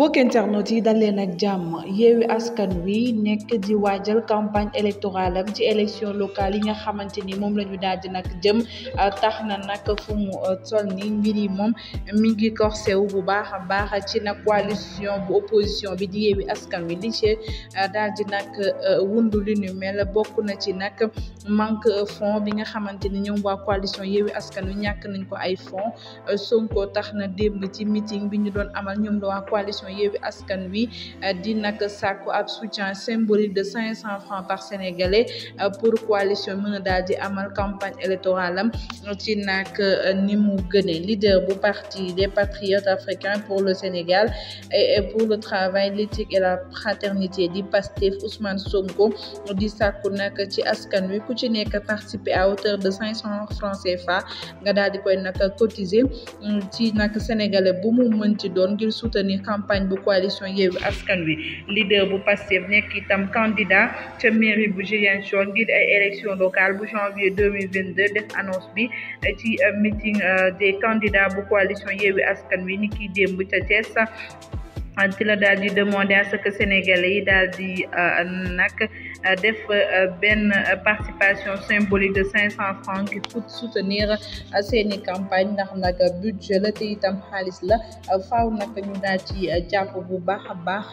mbokk internet yi dal leen ak jàmm yeewi askan wi nekk di waajal campagne électorale am ci élection locale yi nga xamante ni moom la ñu daal di nag jëm euh, tax na nag fu mu sol euh, ni mbir yi moom mi ngi corsé sew bu baax a baax ci nag coalition bu opposition bi di yeewi askan wi li ci euh, daal di nag wundu li nu mel bokk na ci nag manque fond bi nga xamante ni ñoom waa coalition yeewi askan wi ñàkk nañ ko ay fond Sonko tax na démb ci meeting bi ñu doon amal ñoom la Yewwi Askan Wi euh, di nag sàkku ab soutien symbolique de cinq cent francs par sénégalais euh, pour coalition mën a daal di amal campagne électorale am euh, ci nag ni mu gënee leader bu parti des patriotes africains pour le Sénégal et pour le travail l'éthique et la fraternité di Pastef Ousmane Sonko di sàkku nag ci askan wi ku ci nekk participer à hauteur de cinq cent francs CFA nga daal di koy nag cotiser ci nag sénégalais bu mu mënti doon ngir soutenir campagne campagne bu coalition Yewwi Askan Wi leader bu Pastef nekk itam candidat ca mairie bu Ziguinchor ngir ay élection locale bu janvier 2022 def annonce bi ci euh, meeting euh, des candidats bu coalition Yewwi Askan Wi ni ki bu ca Thiès ci la daal di demander à ce que sénégalais yi daal di euh, nag euh, def euh, benn participation symbolique de cinq cent francs ngir pour soutenir seeni campagne ndax nag budget la te itam xaalis la faaw nag ñu daal ci jàpp bu baax a baax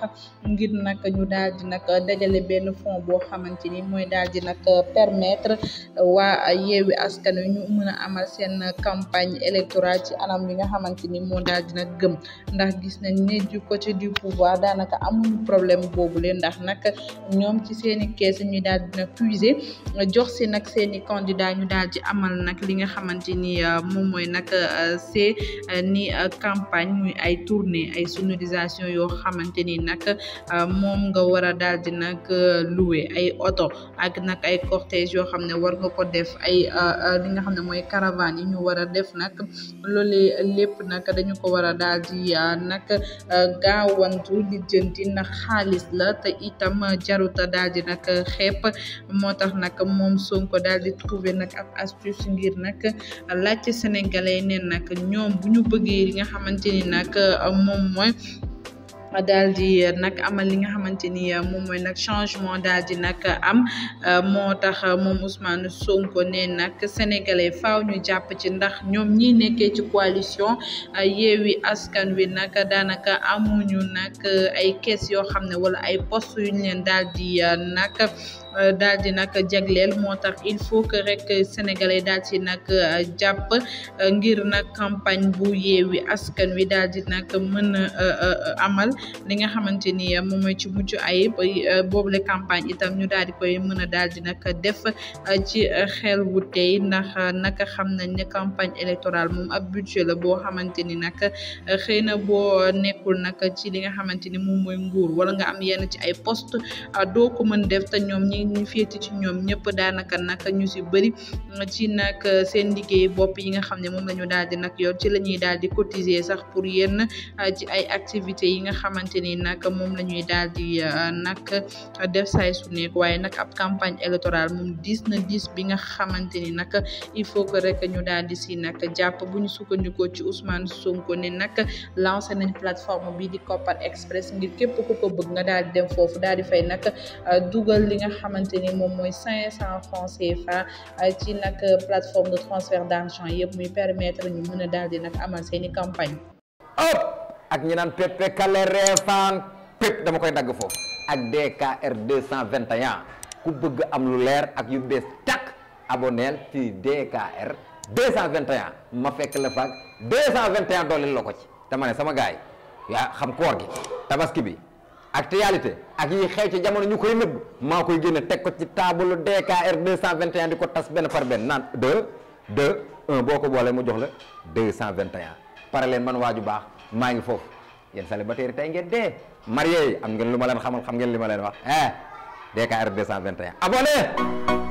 ngir nag ñu daal di nag dajale benn fonds boo xamante ni mooy daal di nag permettre waa yeewi askan wi ñu mën amal seen campagne électorale ci anam bi nga xamante ni moo daal di nag gëm ndax gis nañ ne ko ci du pouvoir daanaka amuñu problème boobu leen ndax nag ñoom ci seen i kees ñu daal di nag puiser jox si nag seen i candidat ñu daal di amal nag li nga xamante ni euh, moom mooy nag euh, c'est euh, ni campagne muy ay tournée ay sonorisation yoo xamante ni nag moom nga war a daal di nag louer ay oto ak nag ay cortège yoo xam ne war nga ko def ay li nga xam ne mooy caravane yi ñu war a def nag loolee lépp nag dañu ko war daal di nag gaaw gaawantu lijjanti ndax xaalis la te itam jaruta daal di nag xepp moo tax nag moom Sonko daal di trouver nag ab astuce ngir nag laajte sénégalais neen nag ñoom bu ñu bëggee li nga xamante ni nag moom mooy daal di eh, nag amal li nga xamante ni eh, moom mooy nag changement daal di nag am eh, moo tax moom Ousmane Sonko ne nag sénégalais faaw ñu jàpp ci ndax ñoom ñi nekkee ci coalition Yewwi Askan Wi nag daanaka amuñu nag ay kees yoo xam ne wala ay poste yu leen daal di nag Euh, daal di nag jagleel moo tax il faut que rek sénégalais daal ci nag euh, jàpp euh, ngir nag campagne bu yeewi askan wi daal di nag mën a amal li nga xamante ni moom mooy ci mucc ay boobule campagne itam ñu daal di koy mën a daal di nag def ci xel wu tey ndax naka xam nañ ne campagne électorale moom ab budget la boo xamante ni nag xëy na boo nekkul nag ci li nga xamante ni moom mooy nguur wala nga am yenn ci ay post doo ko mën def te ñoom ñi ñu féete ci ñoom ñëpp daanaka nag ñu si bëri ci nag seen liggéey bopp yi nga xam ne moom la ñu daal di nag ci la ñuy daal di cotiser sax pour yenn euh, ci ay activités yi nga xamante ni nag moom la ñuy daal di euh, nag def saay su waaye nag ab campagne électorale moom diis na diis bi nga xamante ni nag il faut que rek ñu daal di si nag jàpp bu ñu sukkandikoo ci Ousmane Sonko ne nag lancé nañ plateforme bi di Kopar Express ngir képp ku ko bëgg nga daal di dem foofu daal di fay nag euh, dugal li nga xam xamante moom mooy cinq cent francs CFA ci nag plateforme de transfert d'argent yëpp muy permettre ñu mën a daal di nag amal seeni campagne hop ak ñi naan pepe kale reefaan pép dama koy dagg foofu ak DKR 221 ku bëgg am lu leer ak yu bees tàkk aboneel ci DKR 221 ma fekk la faak 221 dooleel la ko ci dama ne sama gaay yaa xam koor gi tabaski bi actualité ak yi xew ci jamono ñu koy nëbb maa koy génne teg ko ci taabalu DKR 221 di ko tas benn par benn naan 2 2 1 boo ko boolee mu jox la de 221 pare leen man waaju baax maa ngi foofu yéen célibataire tey ngeen dee marié yi am ngeen lu ma leen xamal xam ngeen li ma leen wax eh DKR 221 abonné